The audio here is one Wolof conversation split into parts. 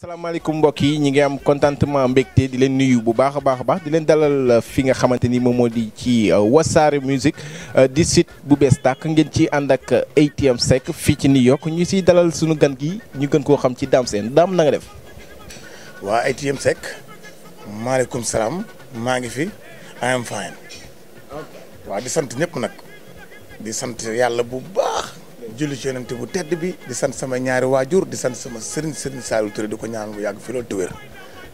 salaamaaleykum mbokk yi ñi ngi am contentement mbégte di leen nuyu bu baax a baax a baax di leen dalal euh, fi nga xamante ni moom moo di ci euh, wasaare musique euh, di sit bu bees tàkk ngeen ci ànd ak ATM sekk fii ci New York ñu siy dalal suñu gan gi ñu gën koo xam ci Dame seen Dame na nga def. waa ATM Seck salaam maa ngi fi I am fine. waaw di sant ñëpp nag di sant yàlla bu baax. julli ci yonent bu tedd bi di sant sama ñaari waajur di sant sama sëriñ sëriñ Saliou Touré di ko ñaan bu yàgg fi loolu te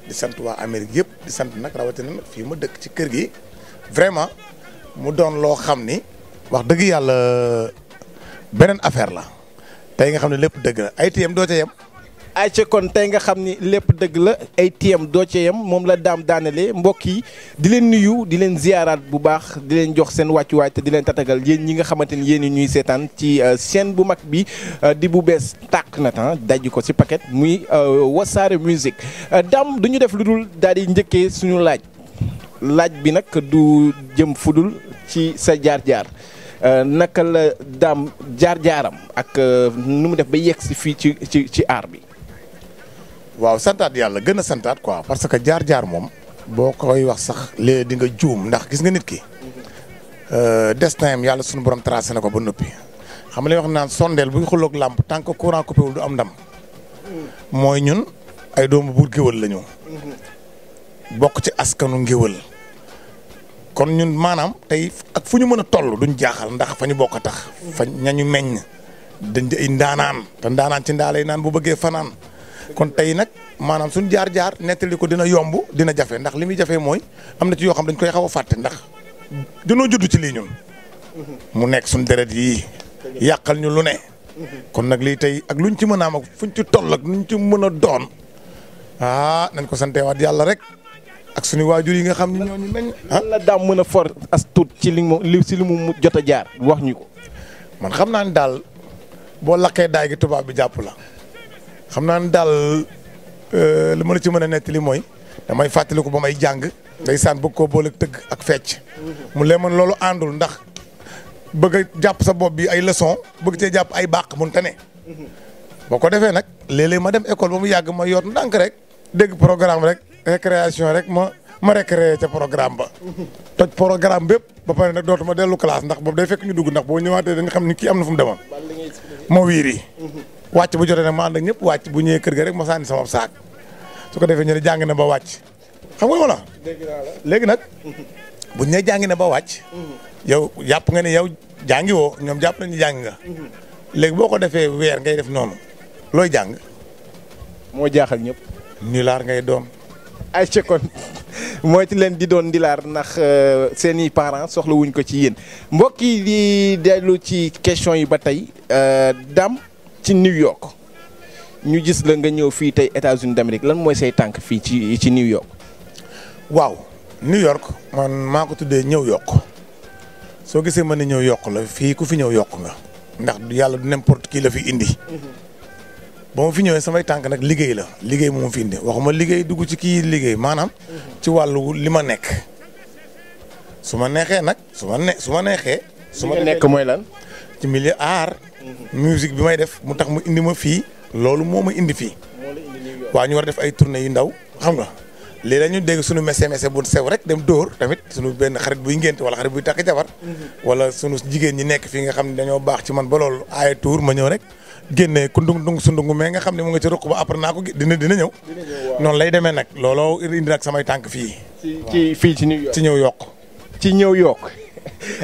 di sant waa Amérique yëpp di sant nag rawatina nag fii ma dëkk ci kër gi vraiment mu doon loo xam ni wax dëgg yàlla beneen affaire la tey nga xam ne lépp dëgg la ay yem doo ca yem ayca kon tey nga xam ni lépp dëgg la ay tiyam doo moom la daam daanale mbokk yi di leen nuyu di leen ziyaaraat bu baax di leen jox seen wàccuwaay te di leen tatagal yéen ñi nga xamante ni yéen ñuy seetaan ci seen euh, bu mag bi euh, di bu bees tàq na tan daj ko ci paquet muy euh, wasaare musique daam du ñu def lu dul daal di njëkkee suñu laaj laaj bi nag du jëm fu dul ci sa jaar-jaar naka la daam jaar-jaaram ak nu mu def ba yegg si fii ci ci ci aar bi. waaw santaat yàlla gën a santaat quoi. parce que jaar-jaar moom. boo koy wax sax léegi di nga juum ndax gis nga nit ki. Euh, destin am yàlla suñu borom tracé na ko ba noppi. xam nga wax naan sondeel bu ñu xuloog làmp tant que courant coupé wul du am ndam. mooy ñun ay doomu buur géwël la bokk ci askanu ngéwël. kon ñun maanaam tey ak fu ñu mën a toll duñ jaaxal ndax fa ñu bokk a tax. fa ñañu meññ. dañ di ay ndaanaan. te ndaanaan ci ndaa lay naan bu bëggee fanaan. kon tey nag maanaam suñ jaar-jaar nettali ko dina yomb dina jafe ndax li muy jafe mooy am na ci yoo xam dañ koy xaw a fàtte ndax dañoo judd ci lii ñun. mu nekk suñ deret yi yàqal ñu lu ne. kon nag lii tey ak lu ñu ci mën a am ak fuñ ci toll ak luñ ci mën a doon ah nañ ko santeewaat yàlla rek ak suñu waajur yi nga xam ne ñooñu nañ. lan ah? la daam mën a for as tuut ci li mu si li mu jot a jaar wax ñu ko. man xam naa ne daal boo laqee daay gi tubaab bi jàpp la. xam naa ne daal euh, li ma la ci mën a nettali mooy damay fàttaliku ba may jàng ndeysaan bëgg koo boole tëgg ak fecc mu lee man loolu àndul ndax bëgg jàpp sa bopp bi ay leçon bëgg cee jàpp ay bàq mun te ne boo ko defee nag léeg ma dem école ba mu yàgg ma yoot ndànk rek dégg programme rek récréation rek ma ma récréé ca programme ba toj programme bépp ba pare nag dootuma dellu classe ndax boobu day fekk ñu dugg ndax boo ñëwaatee dañu xam ni kii am na fu mu demoon moo wiiri mhm. wàcc bu jotee nag ma ànd ak ñëpp wàcc bu ñëwee kër ga rek ma sànni sama saak su ko defee ñu ne jàng na ba wàcc xam nga ma léegi nag bu ñu jàng na ba wàcc. Mhm. yow jàpp nga ne yow jàngi ñoom jàpp nañu jàng nga. Mhm. léegi boo ko defee weer ngay def noonu looy jàng. moo jaaxal ñëpp. nilaar ngay doom ay ci kon mooy ci leen di doon ndilaar ndax euh, seen i parents soxla wuñ ko ci yéen mbokk yi di dellu ci question yi ba tey euh, Dame. ci New York ñu gis la nga ñëw fii tey États-Unis d'Amérique lan mooy say tànk fii ci ci New York. waaw New York man maa ko tuddee ñëw yokk soo gisee ma ne ñëw yokk la fii ku fi ñëw yokk nga. ndax yàlla du n'importe qui la fi indi. Mm-hmm. ba ma fi ñëwee samay tànk nag liggéey la liggéey moo fi indi waxuma liggéey dugg ci kii liggéey maanaam. Mm-hmm. ci wàllu li ma nekk. su ma neexee nag su ma ne su ma neexee. su ma nekk mooy lan. ci milieu art. musique bi may def mu tax mu indi ma fii. loolu moom ma indi fii. waa ñu war def ay tournée yu ndaw xam nga. léegi la ñu dégg sunu messe messe bu sew rek dem dóor tamit sunu benn xarit buy ngént wala xarit buy takk jabar mhm. wala sunu jigéen ñi nekk fii nga xam ne dañoo baax ci man ba lool aaye tuur ma ñëw rek génne ku ndung ndung su ndung mais nga xam ne mu nga ci ruq ba après naa ko dina dina ñëw noonu lay demee nag looloo indi nag samay tànk fii ci fii ci New ci ñëw yokk ci ñëw yokk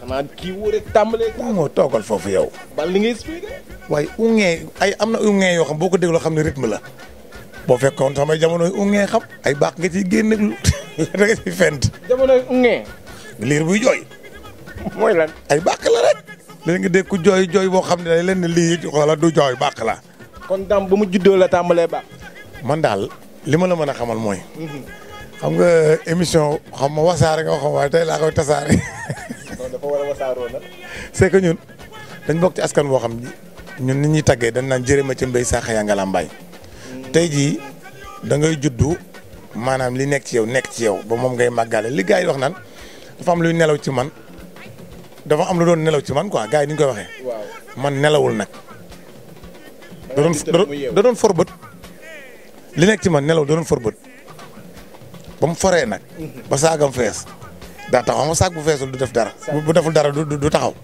xanaa kii woo rek toogal foofu yow. bal li ngay expliqué. waaye ay am na ungee yoo xam boo ko dégloo xam ne rythme la boo fekkoon samay jamono yu ungee xam ay baax nga ciy génn lu da nga liir buy jooy. lan ay baax la rek. léegi nga dégg ku jooy jooy boo xam ne day leen ne lii xoola du jooy baax la. kon dam ba mu juddoo la tàmbalee baax. man daal li ma la mën a xamal mooy. Mhm. xam nga émission xam ma wasaare nga waxoon waaye tey laa koy tasaare. dafa war a wasaaroo ñun dañ bokk ci askan boo xam ñun nit ñuy taggee dañ naan jërëma ci mbéy saaxa yaa ngala mm. tey jii da juddu maanaam li nekk ci yow nekk ci yow ba moom ngay màggale li gars yi wax naan dafa am luy nelaw ci man dafa am lu doon nelaw ci man quoi gars yi ni koy waxee. man nelawul nag. da doon da doon forbët li nekk ci man nelaw da doon forbët ba mu foree nag. Mm-hmm. ba saagam fees. daa taxaw ma saak bu feesul du def dara. bu deful dara du du taxaw.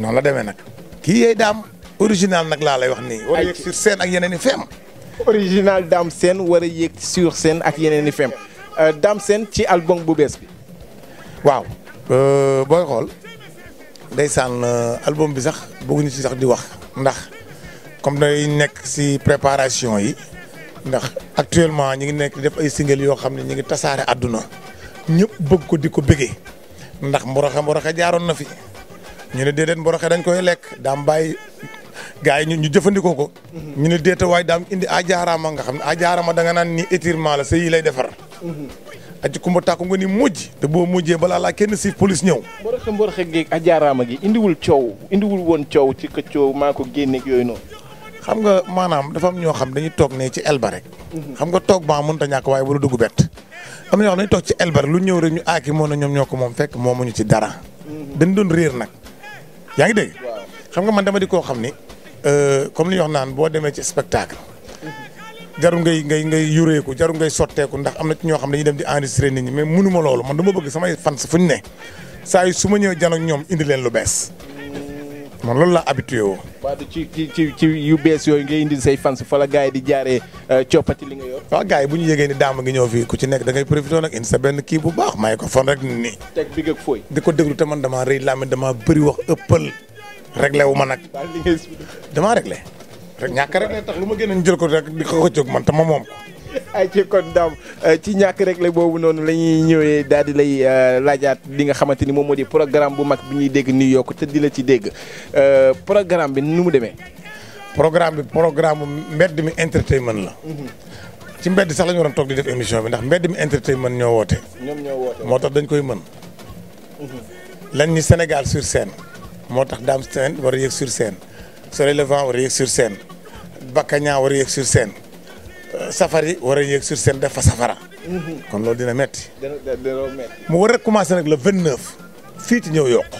noonu la demee nag. kii yooyu daam original nag laa lay wax nii. war a yéeg sur scène ak yeneen feem fem. original Dame Sène war a yéeg sur scène ak yeneen i fem euh, Dame Sène ci album bu bees bi. waaw euh, booy xool day ndeysaan euh, album bi sax bëgguñu ci sax di wax ndax comme day nekk si préparation yi ndax actuellement ñu ngi nekk def ay single yoo xam ne ñu ngi tasaare àdduna. ñëpp bëgg ko di ko bëggee ndax mboroxe mboroxe jaaroon na fi ñu ne déedéet mboroxe dañ koy lekk daam bàyyi gars yi ñu jëfandikoo ko. ñu ne déeta waaye daam indi ajaarama nga xam ne ajaarama da nga naan ni étirement la sa yi lay defar. Mhm. aji kumba tàkku nga ni mujj te boo mujjee balaa laa kenn siif police ñëw. mboroxe mboroxe geeg ajaarama gi indiwul coow indiwul woon coow ci ka coow maa ko génneeg yooyu noonu. xam nga maanaam dafa am ñoo xam dañuy toog ne ci el ba rek. Mhm. xam nga toog ba mënut a ñàkk waaye wala dugg bett. am na ñoo xam ne dañu toog ci elbar lu ñëw rek ñu aaki ah, moo na ñoom ñoo ko moom fekk ñu ci dara mm-hmm. dañ doon réer nag yaa ngi dégg xam nga man dama di koo xam ni euh, comme li ñu wax naan boo demee ci spectacle mm-hmm. jarul ngay ngay ngay yureeku jarul ngay sotteeku ndax am na ñoo xam ne dañuy dem di enregistré nit ñi mais mënuma loolu man dama bëgg samay fans fu ñu ne saa yu su ma ñëwee janook ñoom indi leen lu bees man loolu laa habitué woo. waa ci ci ci yu bees yooyu ngay indi say fans fa la gars yi di jaaree euh, coppati li nga yor. waaw gars yi bu ñu yëgee ni daama ngi ñëw fii ku ci nekk da ngay profité nag indi sa benn kii bu baax may ko fan rek nii. teg big ak fooy. di ko déglu te man damaa rëy laa damaa bëri wax ëppal réglé wu ma nag. damaa réglé. rek ñàkk a réglé tax lu ma génn ñu jël ko rek di ko xëccoog man te ma moom ay ci kon daam euh, ci ñàkk rek la boobu noonu la ñuy ñëwee daal di lay euh, laajaat li nga xamante ni moom moo di programme bu mag bi ñuy dégg New York te di la ci dégg euh, programme bi nu mu demee. programme bi programme mbedd mi entertainment la. Mm-hmm. ci mbedd sax la ñu waroon toog di def émission bi ndax mbedd mi entertainment ñoo woote. ñoom ñoo woote moo tax dañ koy mën. Mm-hmm. lañ ni Sénégal sur scène. moo tax Dame Sène war a sur scène. Soleil Levant war a sur scène. Bakaña war sur scène. safari war a yéeg sur scène def fa safara. kon loolu dina metti mu war a commencé nag le vingt neuf fii ci ñëw York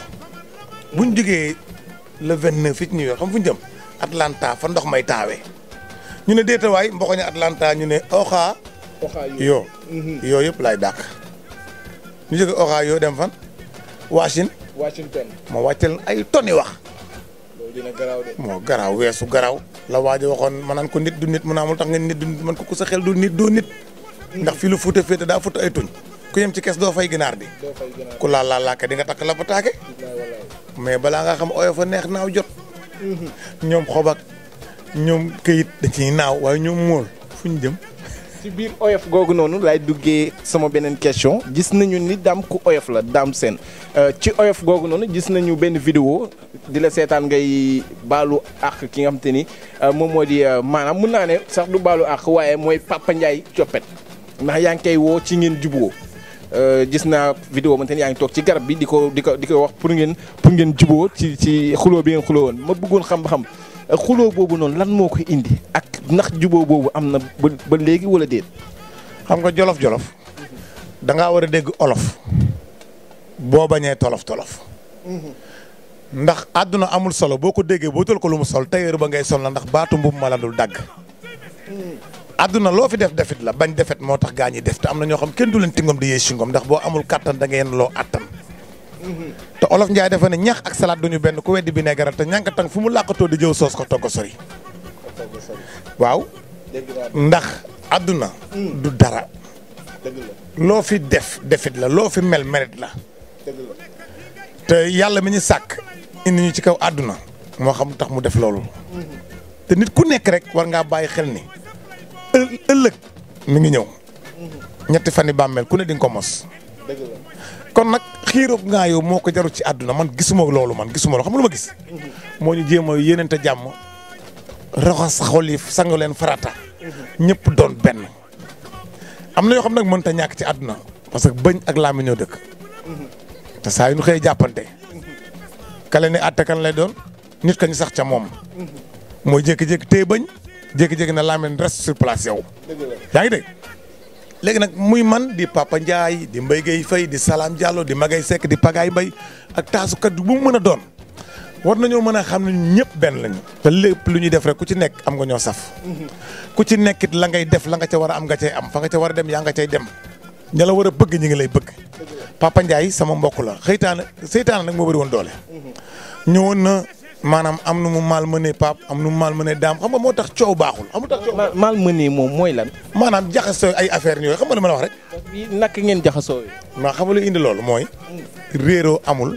bu ñu jógee le vingt neuf fii ci New York xam fu ñu Atlanta fa ndox may taawee ñu ne déetawaay mboqoñu Atlanta ñu ne Oxa. Oxa yoo mhm. yoo yëpp laay dàq. ñu jógee Oxa yoo dem fan. Washington. ma wàcceel ay toni wax. dina garaaw de. moo garaaw weesu garaaw. la waaj a waxoon ma naan ko nit du nit mu tax nga nit du nit man ko ku sa xel du nit doo nit. ndax fii lu fuuta féete daa fuuta ay tuñ. ku yem ci kees doo fay ginaar di. doo ku laal laal laaka di nga takk la ba taake. mais balaa nga xam oyo fa neex naaw jot. Mhm. ñoom xobak ñoom këyit dañuy naaw waaye ñoom mool fu ñu jëm. ci biir oyof googu noonu laay duggee sama beneen question gis nañu ni daam ku oyof la daam seen euh, ci oyof googu noonu gis nañu benn vidéo di la seetaan ngay baalu àq ki nga xam te ni euh, moom moo di euh, maanaam mun naa ne sax du baalu àq waaye mooy Papa Ndiaye coppet ndax yaa ngi koy woo ci ngeen juboo gis naa vidéo man te yaa ngi toog ci garab bi di ko di ko di ko wax pour ngeen pour ngeen juboo ci ci xuloo bi ngeen xuloo woon ma bëggoon xam-xam xuloo boobu noonu lan moo ko indi ak ndax juboo boobu am na ba ba léegi wala déet. xam nga jolof jolof da war a dégg olof boo bañee tolof tolof. Mm-hmm. ndax àdduna amul solo boo ko déggee boo tal ko lu mu sol tailleur ba ngay sol la ndax baatu mbubb ma la dul dagg. Mm-hmm. àdduna loo fi def defit la bañ defet moo tax gaa ñi def te am na ñoo xam kenn du leen tingom di yee singom ndax boo amul kàttan danga ngeen loo attan. Mm-hmm. te olof Njaay dafa ne ñax ak salade duñu benn ku weddi bineegaral te ñànka tang fu mu làqatoo di jëw soos ko togg sori waaw ndax àdduna du dara loo fi def defit la loo fi mel merit la te yàlla mi ñu sàkk indi ñu ci kaw àdduna moo xam tax mu def loolu te nit ku nekk rek war ngaa bàyyi xel ni ëllëg mi ngi ñëw ñetti fan yi bàmmeel ku ne di ko mos kon nag xiiro xiiroog ngaayoo moo ko jarul ci àdduna man gisuma loolu man gisuma loolu xam lu ma gis. moo ñu jéem a yéeneente jàmm raxas xol yi leen farata. ñëpp doon benn. am na yoo xam nag mën ta ñàkk ci àdduna parce que bëñ ak laami ñoo dëkk. te saa yu ñu xëyee jàppante. kale ne àtte kan lay doon nit ka ñu sax ca moom. mooy jékki-jékki téye jékki-jékki na laamen reste sur place yow. yaa ngi dégg léegi nag muy man di Papa Ndiaye di Mbaye Gueye Faye di Salam Diallo di Magay sekk di Pagaay Mbaye ak taasukat bu mu mën a doon war nañoo mën a xam ne ñëpp benn lañu. te lépp lu ñuy def rek ku ci nekk am nga ñoo saf. Mhm. ku ci nekkit la ngay def la nga ca war a am nga cay am fa nga ca war a dem yaa nga cay dem. ña la war a bëgg ñu ngi lay bëgg. Papa Ndiaye sama mbokk la xëytaana seytaana nag moo bëri woon doole. Mhm. ñëwoon na maanaam am nu mu maal mënee pap am nu mu mal mënee daam xam nga moo tax coow baaxul amul tax coow mal mënee moom mooy lan maanaam jaxasoo ay affaire yooyu xam nga li ma la ngeen jaxasoo maa xam nga indi loolu mooy réeroo amul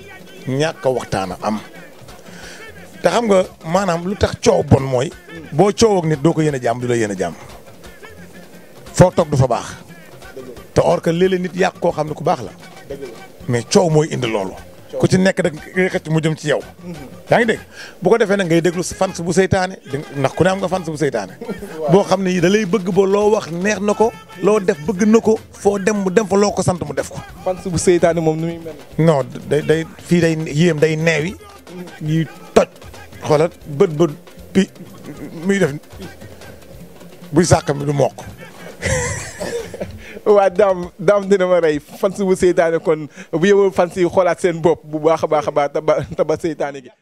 ñàkk a am te xam nga maanaam lu tax coow bon mooy boo coowoo ak nit doo ko yéene jàmm du la yéene jàmm foo togg du fa baax te or que léeg nit yàq koo xam ne ku baax la mais coow mooy indi loolu ku ci nekk rek ngay xëcc mu jëm ci yow. Mm-hmm. yaa ngi de bu ko defee nag ngay déglu fans bu seytaane ndax ku ne am nga fans bu seytaane. boo xam ne da lay bëgg boo loo wax neex na ko loo def bëgg na ko foo dem mu dem fa loo ko sant mu def ko. fans bu seytaane moom nu muy day day fii day yéem day neewi mm-hmm. ñuy toj xoolal bët bët pi muy def buy sàq mi du mokk. waa daam dam dina ma rey fan si bu seytaane kon bu yëwul fan yi xoolaat seen bopp bu baax a baax a baax ta taba seytaane gi